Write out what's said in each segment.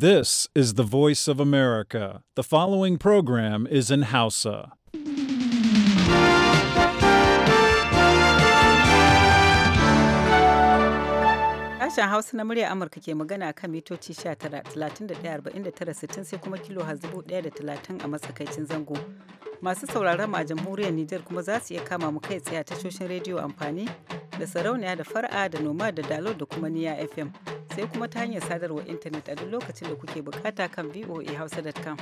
This is the voice of America. The following program is in Hausa. Sashen Hausa na murya Amurka ke magana kan mitoci 19,31,49,60 sai kuma kilo 1,030 a matsakaicin zango. Masu sauraron mu a jamhuriyar Nijar kuma za su iya kama mu kai tsaye a tashoshin rediyo amfani da sarauniya da fara da noma da dalo da kuma niya FM. sai kuma ta hanyar sadarwar intanet a duk lokacin da kuke bukata kan voahausa.com.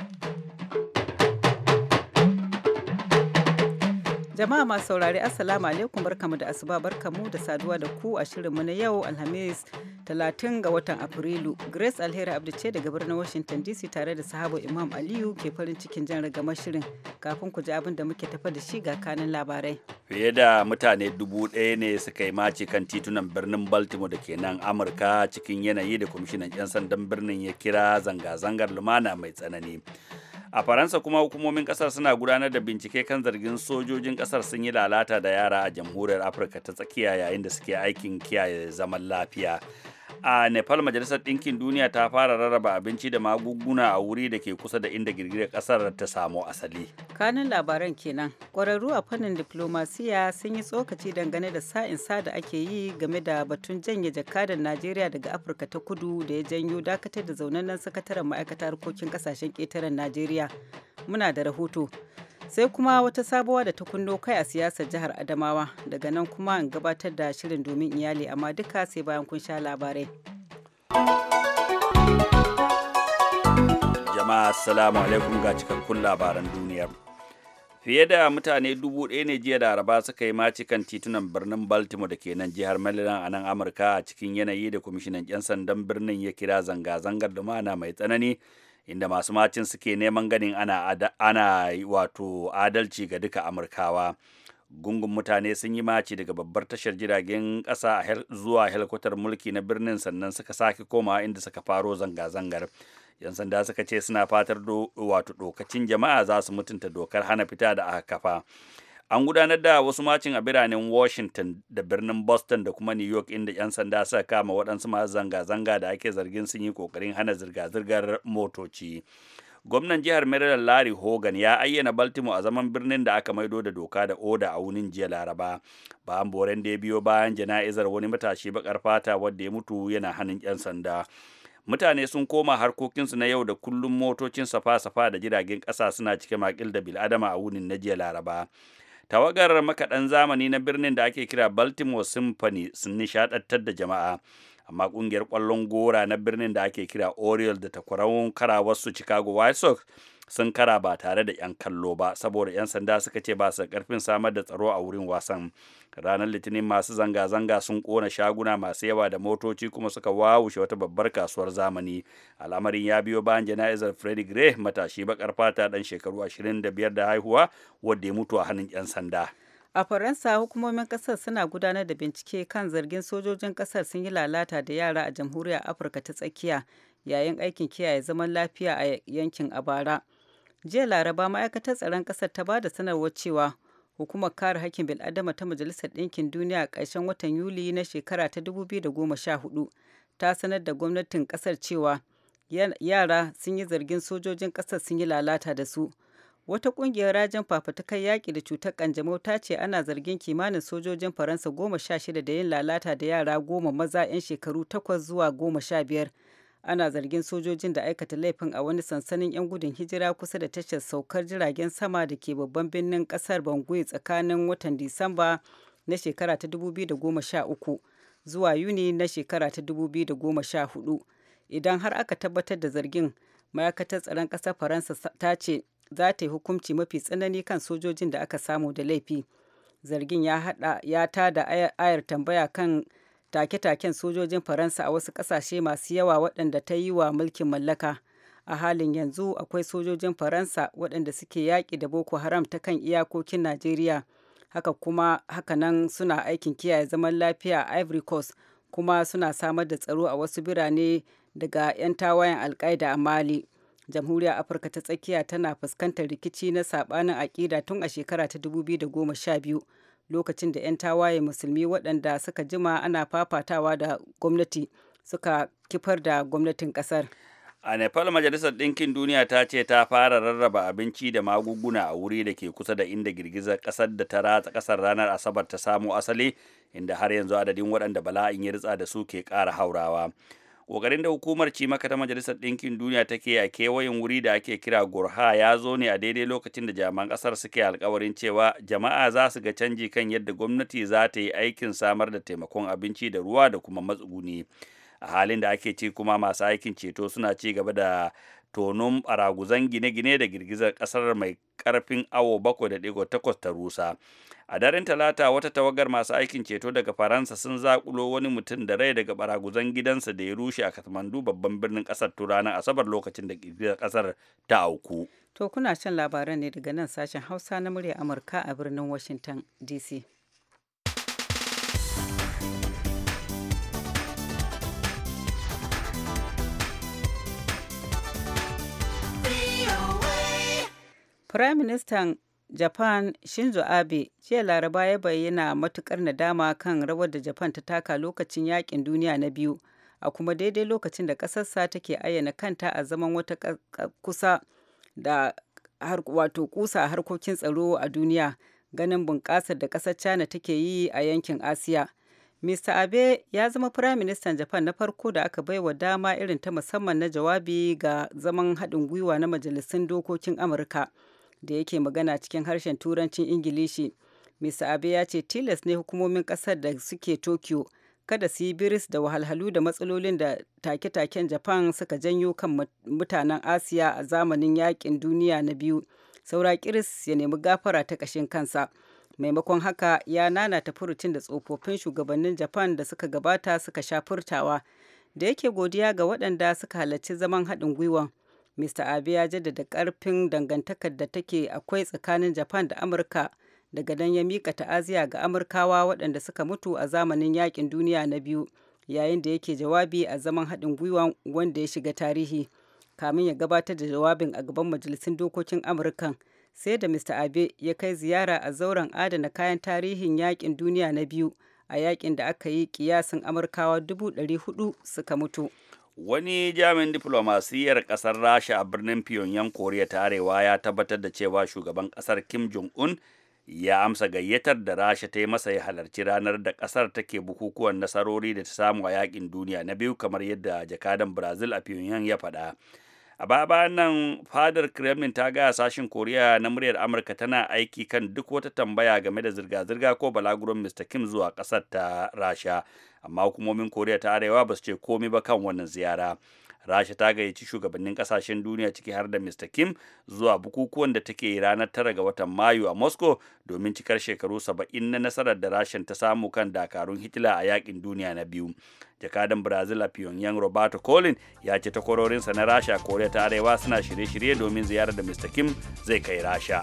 Jama'a masu saurari Assalamu alaikum barkamu da asuba barkamu da saduwa da ku a shirinmu na yau Alhamis 30 ga watan Afrilu. Grace Alheri Abdu daga birnin Washington DC tare da sahabo Imam Aliyu ke farin cikin jan ragamar shirin kafin ku ji abin da muke tafa da shi ga kanin labarai. Fiye da mutane dubu ɗaya ne suka yi maci kan titunan birnin Baltimore da ke nan Amurka cikin yanayi da kwamishinan 'yan sandan birnin ya kira zanga-zangar lumana mai tsanani. a faransa kuma hukumomin kasar suna gudanar da bincike kan zargin sojojin kasar sun yi lalata da yara a jamhuriyar afirka ta tsakiya yayin da suke aikin kiyaye zaman lafiya a nepal majalisar ɗinkin duniya ta fara rarraba abinci da magunguna a wuri da ke kusa da inda girgirar ƙasar ta samo asali kanun labaran kenan ƙwararru a fannin diplomasiya sun yi tsokaci dangane da sa'in sa da ake yi game da batun janye jakadan najeriya daga afirka ta kudu da ya janyo dakatar da zaunannen sakataren ma'aikatar harkokin ƙasashen ƙetaren najeriya muna da rahoto sai kuma wata sabuwa da ta kunno kai a siyasar jihar adamawa daga nan kuma in gabatar da shirin domin iyali amma duka sai bayan kun sha labarai jama'a assalamu alaikum ga cikakkun labaran duniya fiye da mutane dubu ɗaya ne jiya da araba suka yi maci kan titunan birnin baltimore da ke nan jihar maryland a nan amurka a cikin yanayi da kwamishinan 'yan sandan birnin ya kira zanga-zangar lumana mai tsanani inda masu macin suke neman ganin ana, ana wato adalci ga duka amurkawa gungun mutane sun yi maci daga babbar tashar jiragen ƙasa zuwa helikwatar mulki na birnin sannan suka sake koma inda suka faro zanga-zangar 'yan sanda suka ce suna fatar wato dokacin jama'a za su mutunta dokar hana fita da aka kafa an gudanar da wasu macin a biranen washington da birnin boston da kuma new york inda 'yan sanda suka kama waɗansu masu zanga-zanga da ake zargin sun yi ƙoƙarin hana zirga-zirgar motoci gwamnan jihar maryland larry hogan ya ayyana baltimore a zaman birnin da aka maido da doka da oda a wunin jiya laraba ba an boren da ya biyo bayan jana'izar wani matashi bakar fata wadda ya mutu yana hannun 'yan sanda mutane sun koma harkokinsu na yau da kullum motocin safa-safa da jiragen ƙasa suna cike makil da biladama a wunin na jiya laraba tawagar makaɗan zamani na birnin da ake kira baltimore symphony sun nishaɗantar da jama'a amma ƙungiyar ƙwallon gora na birnin da ake kira oriole da karawar karawarsu chicago white sox sun kara ba tare da 'yan kallo ba saboda 'yan sanda suka ce ba su karfin samar da tsaro a wurin wasan ranar litinin masu zanga-zanga sun kona shaguna masu yawa da motoci kuma suka wawushe wata babbar kasuwar zamani al'amarin ya biyo bayan jana'izar freddy gray matashi bakar fata dan shekaru 25 da haihuwa wadda ya mutu a hannun 'yan sanda a faransa hukumomin kasar suna gudanar da bincike kan zargin sojojin kasar sun yi lalata da yara a jamhuriyar afirka ta tsakiya yayin aikin kiyaye zaman lafiya a yankin a bara jiya laraba ma'aikatar tsaron ƙasar ta ba da sanarwar cewa hukumar kare hakkin bil'adama ta majalisar ɗinkin duniya a ƙarshen watan yuli na shekara ta 2014 ta sanar da gwamnatin ƙasar cewa yara sun yi zargin sojojin ƙasar sun yi lalata da su wata ƙungiyar rajin fafatakar yaƙi da cutar ƙanjamau ta ce ana zargin kimanin sojojin faransa goma sha shida da yin lalata da yara goma maza 'yan shekaru takwas zuwa goma sha biyar ana zargin sojojin da aikata laifin a wani sansanin 'yan gudun hijira kusa da tashar saukar jiragen sama da ke babban birnin kasar bangui tsakanin watan disamba na shekara ta 2013 zuwa yuni na shekara ta 2014 idan har aka tabbatar da zargin ma'aikatar tsaron kasar faransa ta ce za ta yi hukunci mafi tsanani kan sojojin da aka samu da laifi zargin ya tada ayar tambaya kan take-taken sojojin faransa a wasu ƙasashe masu yawa waɗanda ta yi wa mulkin mallaka a halin yanzu akwai sojojin faransa waɗanda suke yaƙi da boko haram ta kan iyakokin najeriya haka kuma hakanan suna aikin kiyaye zaman lafiya a ivory coast kuma suna samar da tsaro a wasu birane daga 'yan tawayen alkaida a mali jamhuriyar afirka ta tsakiya tana fuskantar rikici na saɓanin aƙida tun a shekara ta 2012 lokacin da 'yan tawaye musulmi waɗanda suka jima ana fafatawa da gwamnati suka kifar da gwamnatin ƙasar. A Nepal Majalisar Ɗinkin Duniya ta ce ta fara rarraba abinci da magunguna a wuri da ke kusa da inda girgizar ƙasar da ta ratsa ƙasar ranar Asabar ta samu asali inda har yanzu adadin waɗanda bala'in ya ritsa da su ke ƙara haurawa. kokarin da hukumar maka ta majalisar ɗinkin duniya take a kewayen wuri da ake kira gurha ya zo ne a daidai lokacin da jami'an ƙasar suke alkawarin cewa jama'a za su ga canji kan yadda gwamnati za ta yi aikin samar da taimakon abinci da ruwa da kuma matsuguni a halin da ake ci kuma masu aikin ceto suna ci gaba da tonon baraguzan gine-gine da girgizar kasar mai karfin awo 7.8 ta rusa a daren talata wata tawagar masu aikin ceto daga faransa sun zakulo wani mutum da rai daga baraguzan gidansa da ya rushe a katmandu babban birnin kasar ranar asabar lokacin da girgizar kasar ta auku to kuna shan labaran ne daga nan sashen hausa na murya amurka a birnin washington dc Firaministan Japan Shinzo Abe jiya Laraba ya bayyana matukar nadama kan rawar da Japan ta taka lokacin yakin duniya na biyu a kuma daidai lokacin da ƙasarsa take ayyana kanta a zaman wata kusa da wato kusa harkokin tsaro a duniya ganin bunƙasar da ƙasar China take yi a yankin Asiya. Mr. Abe ya zama Firaministan Japan na farko da aka bai wa dama irin ta musamman na jawabi ga zaman haɗin gwiwa na Majalisun Dokokin Amurka. da yake magana cikin harshen turancin ingilishi mr abe ya ce tilas ne hukumomin kasar da suke tokyo kada su yi biris da wahalhalu da matsalolin da take-taken japan suka janyo kan mutanen asiya a zamanin yakin duniya na biyu saura kiris ya nemi gafara ta ƙashin kansa maimakon haka ya nanata furucin da tsofaffin shugabannin japan da suka gabata suka sha furtawa da yake godiya ga waɗanda suka halarci zaman haɗin gwiwan Mr. Abe ya jaddada ƙarfin dangantakar da take akwai tsakanin Japan da Amurka daga nan ya mika ta'aziya ga Amurkawa waɗanda suka mutu a zamanin yakin duniya na biyu yayin da yake jawabi a zaman haɗin gwiwa wanda ya shiga tarihi kamin ya gabatar da jawabin a gaban majalisun dokokin amurka sai da Mr. Abe ya kai ziyara a zauren adana kayan tarihin yakin duniya na biyu a yakin da aka yi kiyasin amurkawa 400 suka mutu wani jami'in diflomasiyyar kasar rasha a birnin pyongyang koriya ta arewa ya tabbatar da cewa shugaban kasar kim jong-un ya amsa gayyatar da rasha ta yi masa ya halarci ranar da kasar take bukukuwan nasarori da ta samu a yakin duniya na biyu kamar yadda jakadan brazil a pyongyang ya faɗa a baya bayan nan fadar kremlin ta gaya sashen koriya na muryar amurka tana aiki kan duk wata tambaya game da zirga-zirga ko balaguron mr kim zuwa kasar ta rasha amma hukumomin koriya ta arewa ba su ce komi ba kan wannan ziyara rasha ta gayyaci shugabannin kasashen duniya ciki har da mr kim zuwa bukukuwan da take ranar tara ga watan mayu a moscow domin cikar shekaru saba'in na nasarar da rashin ta samu kan dakarun hitler a yakin duniya na biyu jakadan brazil a pyongyang roberto colin ya ce takwarorinsa na rasha koriya ta arewa suna shirye-shirye domin ziyarar da mr kim zai kai rasha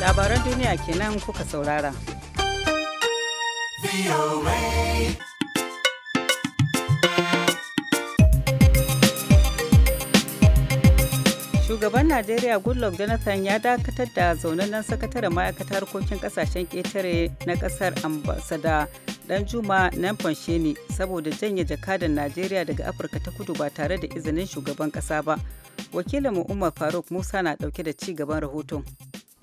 labaran duniya kenan kuka saurara shugaban najeriya goodluck jonathan ya dakatar da zaunannen sakataren ma'aikatar harkokin kasashen ƙetare na ƙasar ambasada dan juma nan ne saboda janye jakadan najeriya daga afirka ta kudu ba tare da izinin shugaban ƙasa ba wakilin umar faruk musa na ɗauke da ci gaban rahoton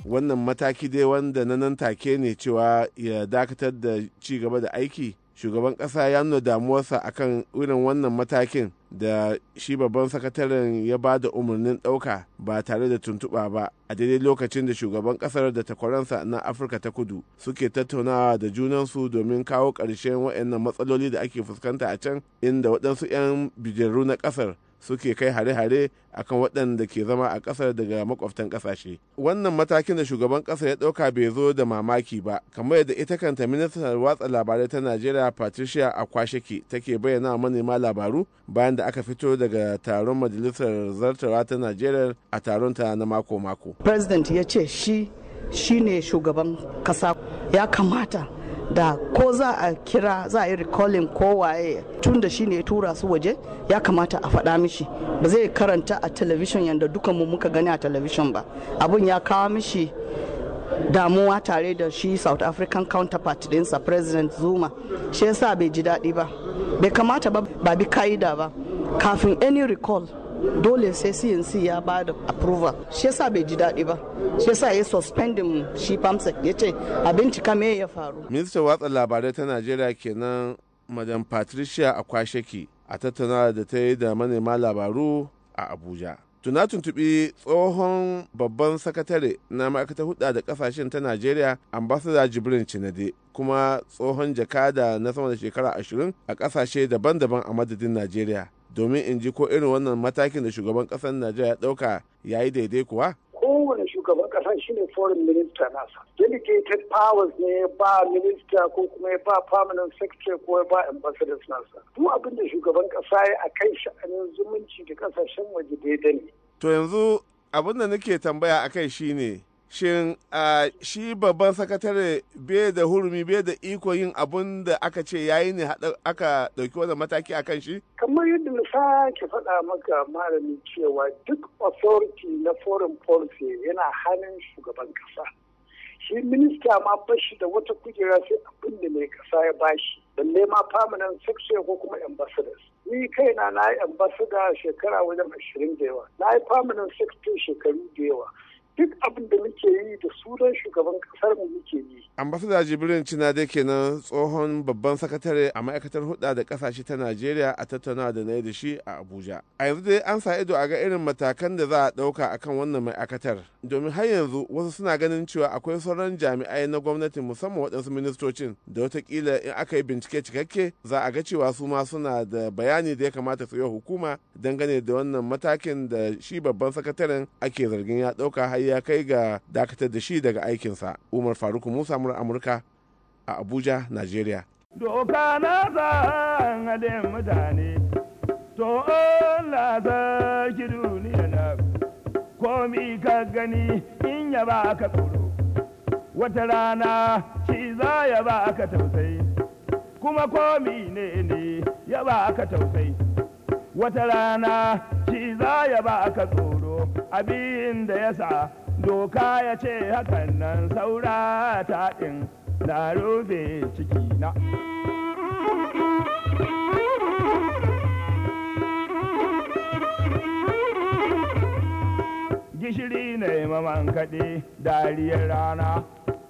wannan mataki dai wanda na nan take ne cewa ya dakatar da ci gaba da aiki shugaban kasa ya nuna damuwarsa akan irin wannan matakin da shi babban sakataren ya ba da umarnin ɗauka ba tare da tuntuɓa ba a daidai lokacin da shugaban ƙasar da takwaransa na afirka ta kudu suke tattaunawa da junansu domin kawo ƙarshen waɗannan matsaloli da ake fuskanta a can inda waɗansu 'yan bijiru na ƙasar suke kai hare-hare akan waɗanda ke zama a ƙasar daga makwabtan ƙasashe wannan matakin da shugaban ƙasar ya ɗauka bai zo da mamaki ba kamar yadda ita kanta ministan watsa labarai ta najeriya patricia akwasheki take bayyana manema labaru bayan da aka fito daga taron majalisar zartawa ta najeriya a taron ta na mako-mako president ya ce shi shine shugaban ƙasa ya kamata da ko za a kira za a yi recalling kowaye tun da shi ne tura su waje ya kamata a faɗa mishi ba zai karanta a talabishin yadda mu muka gani a talabishin ba abun ya kawo mishi damuwa tare da shi south african counterpart dinsa president zuma shi yasa bai ji daɗi ba bai kamata ba bi ka'ida ba kafin any recall dole sai cnc ya ba da approval shi yasa bai ji daɗi ba shi yasa ya suspending shi famsa ya ce a bincika me ya faru ministan watsa labarai ta najeriya kenan madam patricia akwasheki a tattaunawa da ta yi da manema labaru a abuja tuna tuntubi tsohon babban sakatare na ma'aikatar hudu da kasashen ta najeriya ambasada jibrin cinade kuma tsohon jakada na sama da shekara ashirin a kasashe daban-daban a madadin najeriya domin in ji ko irin wannan matakin da shugaban ƙasar najeriya ya ɗauka ya yi daidai kuwa kowane shugaban ƙasa shine foreign minister nasa delegated powers ne ya ba minista ko kuma ya ba permanent secretary ko ya ba ambassadors nasa duk abin da shugaban kasa ya a kai sha'anin zumunci da kasashen waje daidai ne to yanzu abin da nake tambaya a kai shine shin a shi babban sakatare bai da hurumi bai da iko yin abun da aka ce yayi ne aka dauki wannan mataki a kan shi kamar yadda na sake faɗa maka malami cewa duk authority na foreign policy yana hannun shugaban ƙasa. shi minista ma bashi da wata kujera sai abin da mai kasa ya bashi balle ma permanent secretary ko kuma ambassadors ni kaina na yi ambassador shekara wajen ashirin da yawa na yi permanent secretary shekaru da yawa duk abin da muke yi da sunan shugaban kasar mu muke yi. ambasada jibrin cinade kenan tsohon babban sakatare a ma'aikatar hudda da kasashe ta najeriya a tattauna da na yi da shi a abuja a yanzu dai an sa ido a ga irin matakan da za a ɗauka a kan wannan ma'aikatar domin har yanzu wasu suna ganin cewa akwai sauran jami'ai na gwamnati musamman waɗansu ministocin da watakila in aka yi bincike cikakke za a ga cewa su ma suna da bayani da ya kamata su yi hukuma dangane da wannan matakin da shi babban sakataren ake zargin ya ɗauka har ya kai ga dakatar da shi daga aikinsa umar faruk musa mura amurka a abuja nigeria doka na mutane to Allah sarki komi ka gani in ya ba ka tsoro wata rana shi za ya ba ka tausayi kuma komi ne ne ya ba ka tausayi wata rana shi za ya ba ka tsoro abin da ya sa doka ya ce hakan nan saura taɗin na rufe ciki na. Gishiri ne maman kaɗe dariyar rana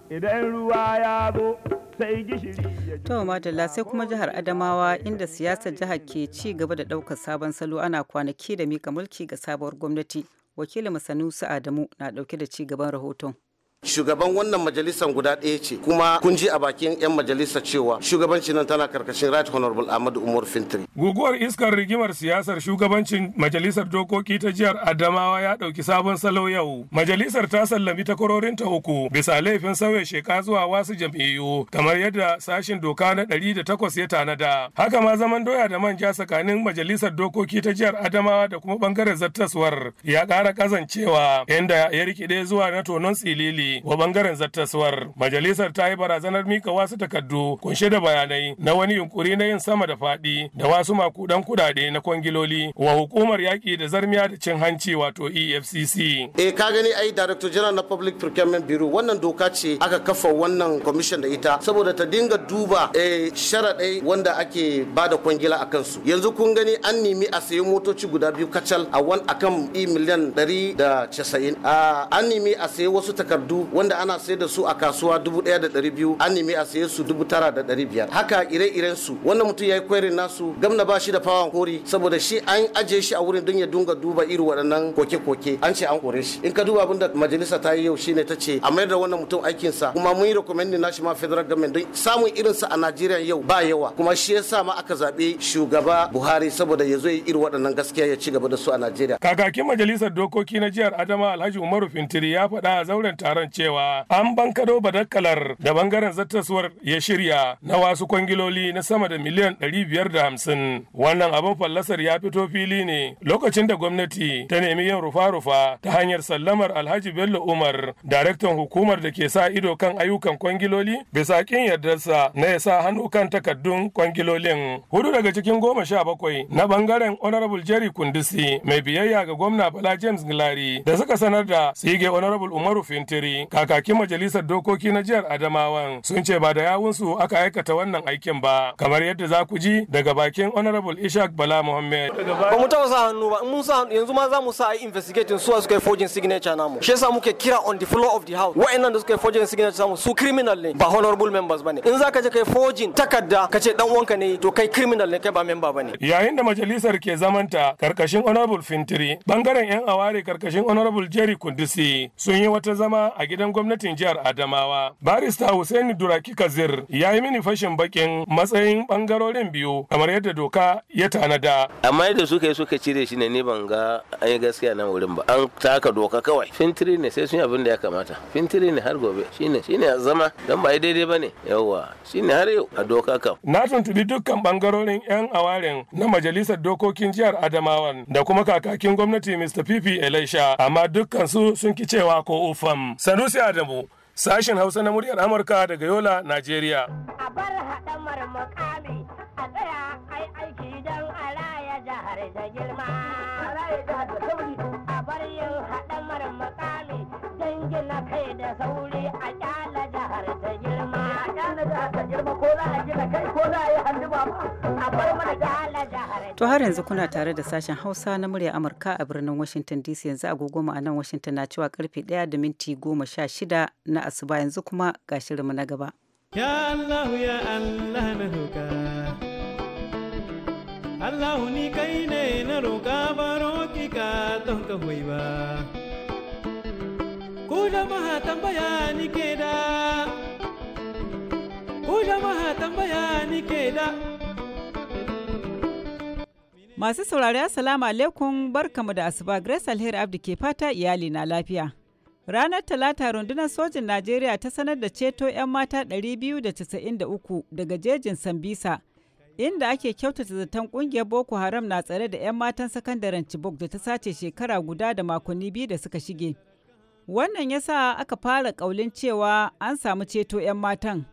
idan ruwa ya zo sai gishiri ya To Madalla sai kuma jihar Adamawa inda siyasar jihar ke ci gaba da ɗaukar sabon salo ana kwanaki da mika mulki ga sabuwar gwamnati. wakilinmu sanusu adamu na dauke da ci gaban rahoton shugaban wannan majalisar guda ɗaya ce kuma kun ji a bakin 'yan majalisar cewa shugabancin nan tana karkashin right honorable ahmadu umar fintri guguwar iskar rigimar siyasar shugabancin majalisar dokoki ta jihar adamawa ya ɗauki sabon salo yau majalisar ta sallami takwarorin ta uku bisa laifin sauya sheka zuwa wasu jam'iyyu kamar yadda sashin doka na ɗari da takwas ya tanada haka ma zaman doya da manja tsakanin majalisar dokoki ta jihar adamawa da kuma bangaren zattaswar ya ƙara ƙazancewa, yanda ya rikide zuwa na tonon tsilili wa bangaren zartaswar majalisar ta yi barazanar mika wasu takardu kunshe da bayanai na wani yunkuri na yin sama da faɗi da wasu makudan kudade na kwangiloli wa hukumar yaƙi da zarmiya da cin hanci wato efcc eh ka gani ai director general na public procurement bureau wannan doka ce aka kafa wannan commission da ita saboda ta dinga duba e sharaɗai wanda ake ba da kwangila a kansu yanzu kun gani an nemi a sayi motoci guda biyu kacal a wan akan e miliyan 190 ah, an nemi a sayi wasu takardu wanda ana sayar da su a kasuwa dubu ɗaya da ɗari biyu an nemi a saye su dubu tara da ɗari biyar haka ire-iren su wannan mutum ya yi kwarin nasu gamna ba shi da fawan kori saboda shi an ajiye shi a wurin don ya dunga duba iri waɗannan koke-koke an ce an kore shi in ka duba abin da majalisa ta yi yau shine ta ce a mayar da wannan mutum aikinsa kuma mun yi rekomendin nashi ma federal government don samun irin sa a Najeriya yau ba yawa kuma shi ya sa ma aka zaɓi shugaba Buhari saboda ya zo ya irin waɗannan gaskiya ya ci gaba da su a Najeriya. Kakakin majalisar dokoki na jihar Adama Alhaji Umaru Fintiri ya faɗa a zauren taron labarin cewa an bankado badakkalar da bangaren zattasuwar ya shirya na wasu kwangiloli na sama da miliyan 550 wannan abin fallasar ya fito fili ne lokacin da gwamnati ta nemi yin rufa-rufa ta hanyar sallamar alhaji bello umar daraktan hukumar da ke sa ido kan ayyukan kwangiloli bisa kin yardarsa na ya sa hannu kan takaddun kwangilolin hudu daga cikin goma sha bakwai na bangaren honorable jerry kundisi mai biyayya ga gwamna bala james gilari da suka sanar da sige honorable umaru fintiri kakakin majalisar dokoki na jihar Adamawan sun ce ba da yawunsu aka aikata wannan aikin ba kamar yadda za ku ji daga bakin Honorable Ishaq Bala Muhammad. Ba mu taɓa hannu ba mun sa yanzu ma za mu sa yi investigating su suka yi forging signature namu. Shi yasa muke kira on the floor of the house wa'annan da suka yi forging signature namu su criminal ne ba honorable members bane. In za ka je kai forging takarda ka ce dan uwanka ne to kai criminal ne kai ba member bane. Yayin da majalisar ke zamanta karkashin Honorable Fintiri bangaren yan aware karkashin Honorable Jerry Kundisi sun yi wata zama a gidan gwamnatin jihar Adamawa. Barista Hussaini Duraki Kazir ya yi mini fashin bakin matsayin bangarorin biyu kamar yadda doka ya tanada. Amma yadda suka yi suka cire shi ne ni ban ga an yi gaskiya nan wurin ba. An taka doka kawai. Fintiri ne sai sun yi abin da ya kamata. Fintiri ne har gobe. Shine shine zama don ba daidai ba ne. Yawwa shine har yau a doka kam. Na tuntubi dukkan bangarorin 'yan awarin na majalisar dokokin jihar Adamawan da kuma kakakin gwamnati Mr. Pipi Elisha amma dukkan su sun ki cewa ko ufam. Sanusi Adamu, sashen Hausa na muryar Amurka daga Yola, Najeriya. To har yanzu kuna tare da sashen Hausa na murya Amurka a birnin Washington DC yanzu agogo a nan Washington na cewa karfe 1 da minti 16 na asuba yanzu kuma ga shirinmu na gaba. Ya Allah ya Allah na roka. Allah ni kai ne na roka baro ki ka don ka hoyi ba. Ku da ma tambaya ni ke da. jama'a Masu saurari Assalamu alaikum barkamu da asuba Grace Alheri Abdi ke fata iyali na lafiya. Ranar Talata rundunar sojin Najeriya ta sanar da ceto 'yan mata 293 daga jejin Sambisa, inda ake kyautata zaton kungiyar Boko Haram na tsare da 'yan matan sakandaren Chibok da ta sace shekara guda da makonni biyu da suka shige. Wannan ya sa aka fara ƙaulin cewa an samu ceto 'yan matan.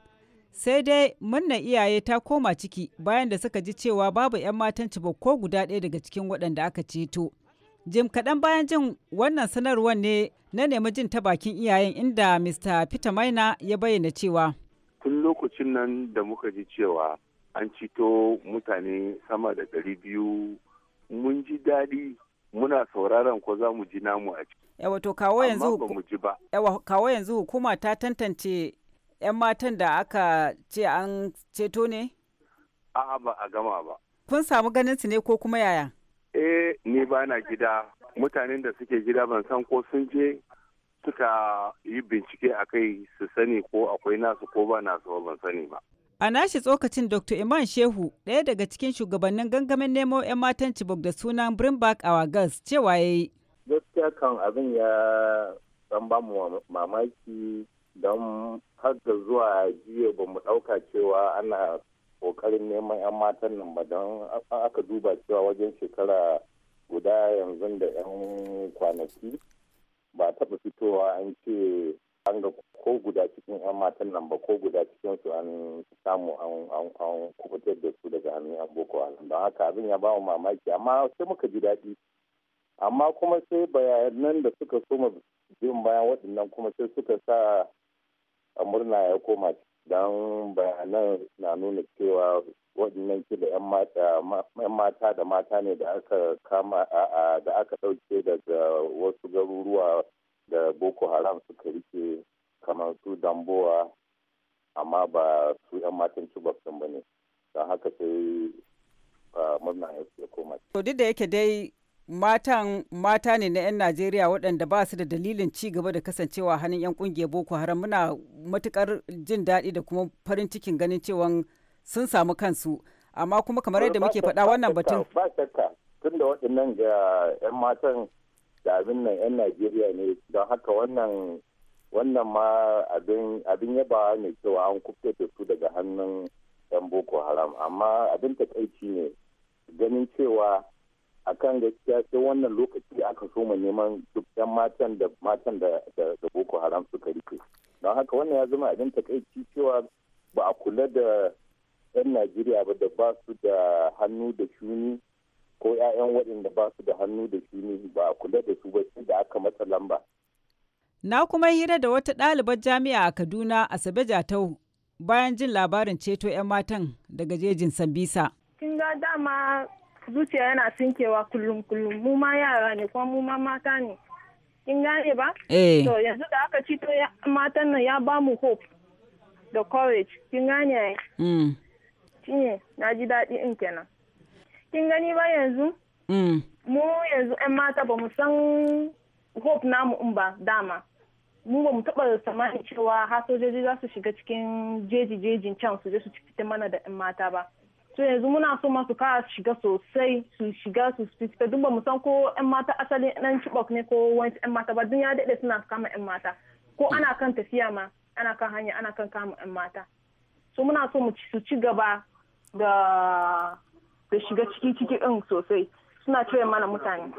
sai dai manna iyaye ta koma ciki bayan da suka ji cewa babu 'yan matan ko guda ɗaya daga cikin waɗanda aka ceto jim kaɗan bayan jin wannan sanarwar ne na nemi jin ta bakin iyayen inda mr peter maina ya bayyana cewa tun lokacin nan da muka ji cewa an cito mutane sama da ɗari biyu mun ji daɗi muna sauraron ko za mu ji namu a ciki. Yawa to kawo yanzu hukuma ta tantance 'yan matan da aka ce an ceto ne? A'a ba a gama ba. Kun samu ganin su ne ko kuma yaya? Eh ni ba na gida mutanen da suke gida ban san ko sun je suka yi bincike a kai su sani ko akwai nasu ko ba nasu ba ban sani ba. A nashi tsokacin Dr. Iman Shehu ɗaya daga cikin shugabannin gangamin nemo 'yan matan Chibok da sunan Brimbak Awagas cewa ya yi. Gaskiya kan abin ya ɗan ba mu mamaki don har zuwa jiya ba mu ɗauka cewa ana ƙoƙarin neman 'yan matan nan ba don aka duba cewa wajen shekara guda yanzu da 'yan kwanaki ba taɓa fitowa an ce an ga ko guda cikin 'yan matan nan ba ko guda cikin su an samu an kubutar da su daga hannun 'yan boko haram don haka abin ya bamu mamaki amma sai muka ji daɗi amma kuma sai bayanan da suka soma jin bayan waɗannan kuma sai suka sa A murna ya koma don bayanan na nuna cewa waɗannan ki da 'yan mata da mata ne da aka kama da aka ɗauke daga wasu garuruwa da boko haram suka rike kamar su damboa amma ba su 'yan matan cibok ɗin ba ne don haka sai murna ya koma. to duk da yake dai matan mata ne na 'yan najeriya waɗanda ba su da dalilin ci gaba da kasancewa hannun 'yan ƙungiyar boko haram muna matukar jin daɗi da kuma farin cikin ganin cewa sun samu kansu amma kuma kamar yadda muke fada wannan batun ba shakka tun da waɗannan ga 'yan matan da abin nan 'yan najeriya ne don haka wannan wannan ma abin yaba ne cewa an kufce da su daga hannun 'yan boko haram amma abin takaici ne ganin cewa a kan gaskiya sai wannan lokaci aka so soma neman duk yan matan da matan da boko haram suka rike don haka wannan ya zama abin takaici cewa ba a kula da yan najeriya ba da ba su da hannu da shuni ko 'ya'yan waɗanda ba su da hannu da shuni ba a kula da su ba sai da aka masa lamba na kuma hira da wata ɗalibar jami'a a kaduna asabe jatau bayan jin labarin ceto 'yan matan daga jejin sambisa kin ga dama zuciya yana sinkewa kullum kullum mu ma yara ne kuma mu ma mata ne kin gane ba eh to yanzu da aka cito matan nan ya bamu hope da courage kin gane ai mm shine na ji daɗi in kenan kin gani ba yanzu mm mu yanzu yan mata ba mu san hope namu in ba dama mu ba mu taɓa samani cewa har sojoji za su shiga cikin jeji jejin can su je su fita mana da yan mata ba to yanzu muna so masu kara shiga sosai su shiga su fita duk mu san ko yan mata asalin nan chibok ne ko wani yan mata ba dun ya daɗe suna kama yan mata ko ana kan tafiya ma ana kan hanya ana kan kama yan mata so muna so mu su ci gaba da shiga ciki ciki ɗin sosai suna cire mana mutane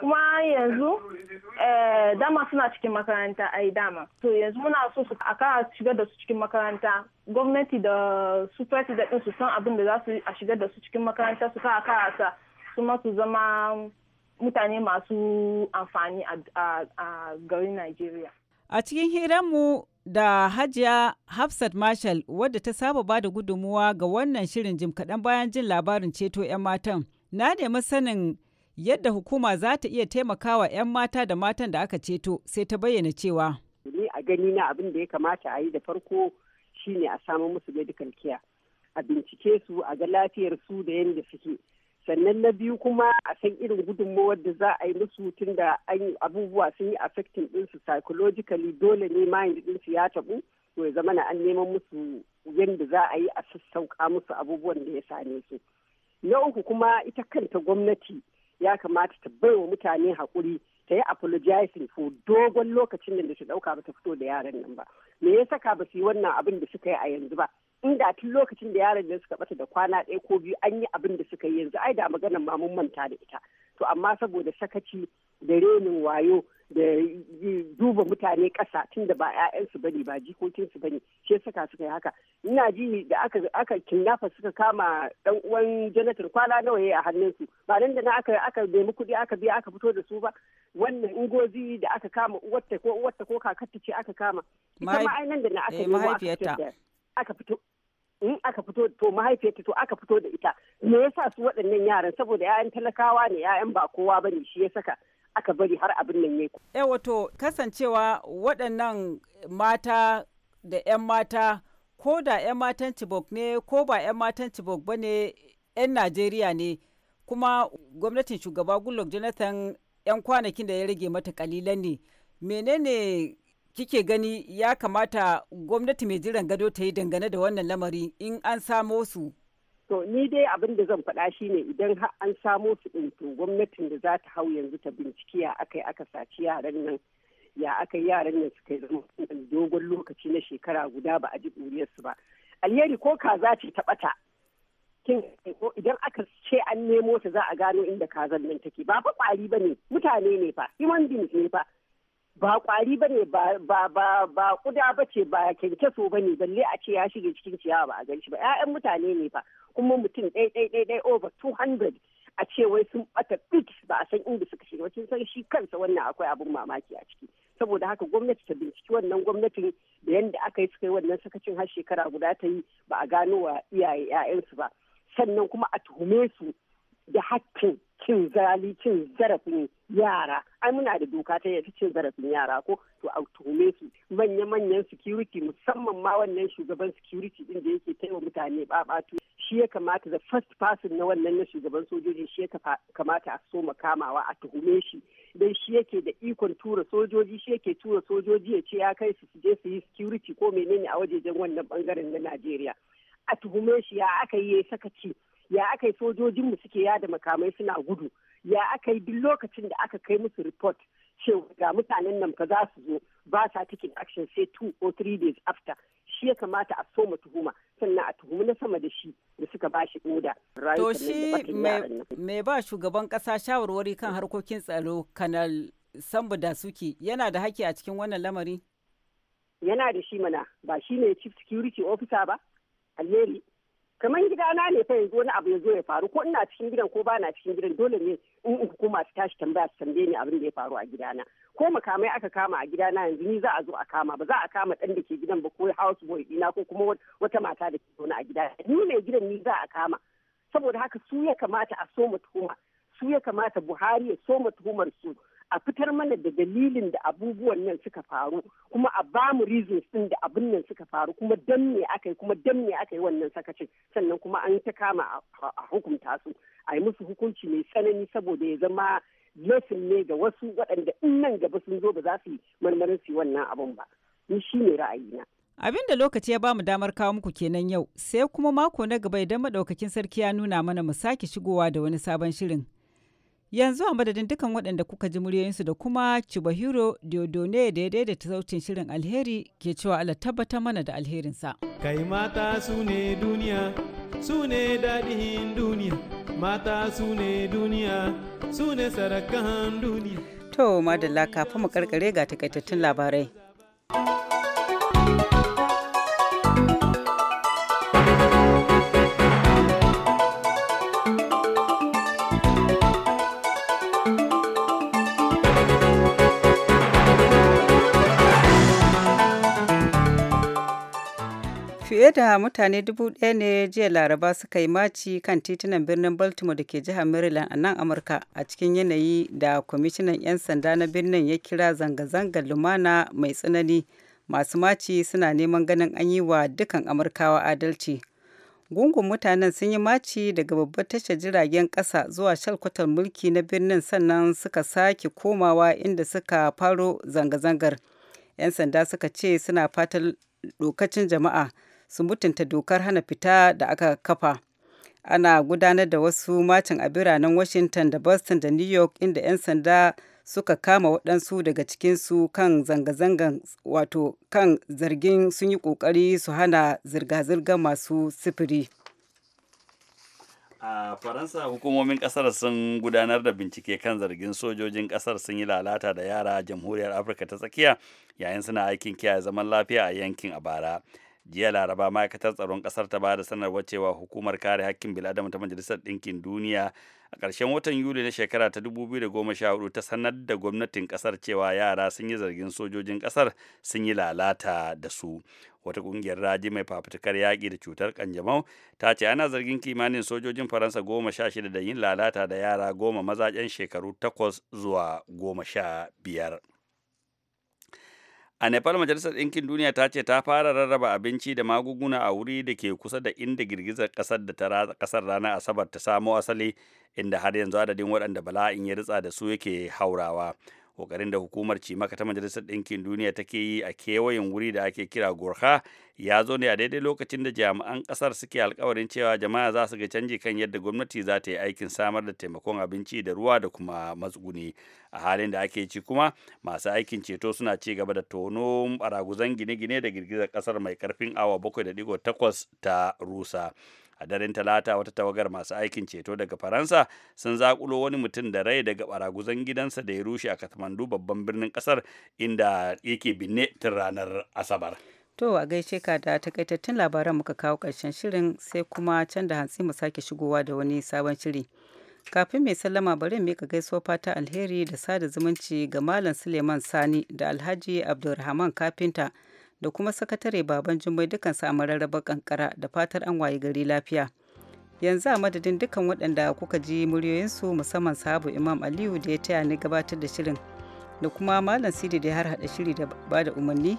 kuma yanzu eh, dama suna cikin makaranta ai dama to yanzu muna so su a shiga shigar da su cikin makaranta gwamnati da su president su san abin da za su a shigar da su cikin makaranta su kara kara sa su masu zama mutane masu amfani a garin nigeria. A cikin hiranmu da Hajiya Hafsat Marshall wadda ta saba ba da gudunmuwa ga wannan shirin jim kaɗan bayan jin labarin ceto 'yan matan. Na nemi sanin yadda hukuma za ta iya taimakawa 'yan mata da matan da aka ceto sai ta bayyana cewa. Ni a gani na abin da ya kamata a yi da farko shine a samu musu medical care. A bincike su a ga lafiyar su da yadda suke. Sannan na biyu kuma a san irin gudunmawar da za a yi musu tun da abubuwa sun yi affecting ɗinsu psychologically dole ne mind ɗinsu ya taɓu. To ya zama na an neman musu yadda za a yi a sassauka musu abubuwan da ya same su. Na uku kuma ita kanta gwamnati ya kamata ta baiwa mutane hakuri ta yi apologizing for dogon lokacin da ta ɗauka ba ta fito da yaran nan ba me ya saka ba su yi wannan abin da suka yi a yanzu ba inda tun lokacin da yaran da suka bata da kwana ɗaya ko biyu an yi abin da suka yi yanzu ai da maganar ma mun manta da ita to amma saboda sakaci da renin wayo da duba mutane ƙasa tun da ba 'ya'yansu bane ba jikokinsu bane shi saka suka yi haka ina ji da aka aka kinnafa suka kama dan uwan janatar kwana nawa yayi a hannunsu ba nan da na aka nemi kuɗi aka biya aka fito da su ba wannan ingozi da aka kama uwarta ko uwarta ce aka kama ita ma nan da na aka eh, aka fito in aka fito to mahaifiyarta to aka fito da ita me yasa su waɗannan yaran saboda 'ya'yan talakawa ne 'ya'yan ba kowa bane shi ya saka aka bari har abin nan yayi yawa to kasancewa waɗannan mata da ƴan mata ko da ƴan matan Chibok ne ko ba ƴan matan Chibok ba ne Najeriya ne kuma gwamnatin shugaba Goodluck Jonathan ƴan kwanakin da ya rage mata kalilan ne menene kike gani ya kamata gwamnati mai jiran gado ta yi dangane da wannan lamari in an samo su? To ni dai abin da zan faɗa shi ne idan har an samo su ɗin to gwamnatin da za ta hau yanzu ta binciki ya aka yi aka saci yaran nan ya aka yaran nan suka yi zama dogon lokaci na shekara guda ba a ji ɗuriyarsu ba. Alheri ko kaza ce ta ɓata idan aka ce an nemo ta za a gano inda kazan nan take ba fa ƙwari ba ne mutane ne fa human beings ne fa ba kwari ba ne ba kuda ba ce ba kyankyaso ba ne balle a ce ya shige cikin ciyawa ba a gan shi ba 'ya'yan mutane ne ba kuma mutum ɗaya ɗaya ɗaya ɗaya over 200 a ce wai sun ɓata bit ba a san inda suka shiga wacin san shi kansa wannan akwai abin mamaki a ciki saboda haka gwamnati ta binciki wannan gwamnatin da yadda aka yi suka yi wannan sakacin har shekara guda ta yi ba a gano wa iyaye 'ya'yansu ba sannan kuma a tuhume su da hakkin cin zali cin zarafin yara ai muna da doka ta yadda cin zarafin yara ko to a tuhume su manya-manyan security musamman ma wannan shugaban security din da yake taiwa mutane babatu shi ya kamata da first person na wannan na shugaban sojoji shi ya kamata a so makamawa a tuhume shi dan shi yake da ikon tura sojoji shi yake tura sojoji ya ce ya kai su su je su yi security ko menene a wajejen wannan bangaren na Najeriya a tuhume shi ya aka yi sakaci ya aka yi sojojinmu suke yada makamai suna gudu ya aka yi duk lokacin da aka kai musu report cewa ga mutanen nan ka za su zo ba sa taking action sai two or three days after shi ya kamata a so mu tuhuma sannan a tuhumi na sama da shi da suka ba shi oda to shi mai ba shugaban kasa shawarwari kan harkokin tsaro kanal sambu da suke yana da haƙƙi a cikin wannan lamari yana da shi mana ba shi ne chief security officer ba alheri kamar gidana ne fa yanzu abu ya zo ya faru ko ina cikin gidan ko ba na cikin gidan dole ne in hukuma su tashi tambaya su tambaye ni abin da ya faru a gidana ko makamai aka kama a gidana yanzu ni za a zo a kama ba za a kama dan da ke gidan ba ko house boy dina ko kuma wata mata da ke zaune a gida ni mai gidan ni za a kama saboda haka su ya kamata a so mu tuhuma su ya kamata Buhari ya so mu tuhumar su a fitar mana da dalilin da abubuwan nan suka faru kuma a bamu mu reasons din da abin nan suka faru kuma dan me aka yi kuma dan me aka yi wannan sakacin sannan kuma an ta kama a hukunta su a yi musu hukunci mai tsanani saboda ya zama lesson ne ga wasu waɗanda in nan gaba sun zo ba za su yi marmarin su wannan abun ba ni shi ne na. Abin da lokaci ya bamu damar kawo muku kenan yau, sai kuma mako na gaba idan madaukakin sarki ya nuna mana mu sake shigowa da wani sabon shirin. Yanzu a madadin dukan waɗanda kuka ji muryoyinsu da kuma chibahiro Diodone da ya daidaita sautin shirin alheri ke cewa Allah tabbatar mana da alherinsa. Kai mata su ne duniya, su ne daɗin duniya, mata su ne duniya, su ne sarakan duniya. To, madalla kafin mu karkare ga takaitattun labarai. Fiye da mutane dubu ɗaya ne jiya Laraba suka yi maci kan titunan birnin Baltimore da ke jihar Maryland a nan Amurka a cikin yanayi da kwamishinan 'yan sanda na birnin ya kira zanga-zangar lumana mai tsanani masu maci suna neman ganin an yi wa dukan Amurkawa adalci. Gungun mutanen sun yi maci daga babbar tashar jiragen ƙasa zuwa shalkwatar mulki na birnin sannan suka sake komawa inda suka faro zanga-zangar. 'Yan sanda suka ce suna fatan dokacin jama'a su mutunta dokar hana fita da aka kafa ana gudanar da wasu macin a biranen washington da boston da new york inda 'yan sanda suka kama waɗansu daga cikinsu kan zanga-zangan wato kan zargin sun yi ƙoƙari su hana zirga-zirgar masu sifiri. a faransa hukumomin ƙasar sun gudanar da bincike kan zargin sojojin ƙasar sun yi lalata da yara jamhuriyar afirka ta tsakiya yayin suna aikin kiyaye zaman lafiya a yankin a bara jiya laraba ma'aikatar tsaron kasar ta bada sanarwar cewa hukumar kare hakkin biladama ta majalisar ɗinkin duniya a ƙarshen watan yuli na shekara ta 2014 ta sanar da gwamnatin kasar cewa yara sun yi zargin sojojin kasar sun yi lalata da su wata ƙungiyar raji mai fafutukar yaƙi da cutar kanjamau ta ce ana zargin kimanin sojojin faransa goma sha shida da yin lalata da yara goma maza shekaru takwas zuwa goma sha biyar. A Nepal Majalisar Ɗinkin Duniya ta ce ta fara rarraba abinci da magunguna a wuri da ke kusa da inda girgizar ƙasar da ta ƙasar ranar Asabar ta samo asali inda har yanzu adadin waɗanda bala'in ya ritsa da su yake haurawa. kokarin da hukumar cimaka ta majalisar ɗinkin duniya take yi a kewayen wuri da ake kira gorha ya zo ne a daidai lokacin da jami'an ƙasar suke alkawarin cewa jama'a za su ga canji kan yadda gwamnati za ta yi aikin samar da taimakon abinci da ruwa da kuma matsuguni a halin da ake ci kuma masu aikin ceto suna ci gaba da tono baraguzan gine-gine da girgizar ƙasar mai karfin awa 7.8 ta rusa a daren talata wata tawagar masu aikin ceto daga faransa sun zakulo wani mutum da rai daga baraguzan gidansa da ya rushe a katmandu babban birnin kasar inda yake binne tun ranar asabar To a gaishe ka da takaitattun labaran muka kawo karshen shirin sai kuma can da hantsi mu sake shigowa da wani sabon shiri. Kafin mai sallama bari mika gaisuwa fata alheri da sada zumunci ga Malam Suleiman Sani da Alhaji Abdulrahman Kafinta da kuma sakatare baban jummai dukansu a mararraba kankara da fatar an waye gari lafiya yanzu a madadin dukkan waɗanda kuka ji muryoyinsu musamman sahabu imam aliyu da ya taya ni gabatar da shirin da kuma malam sidi da ya har hada shiri da ba da umarni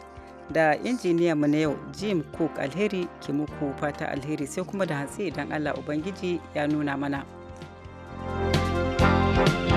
da injiniya mu na yau jim cook alheri ke muku fata alheri sai kuma da hantsi idan allah ubangiji ya nuna mana. thank you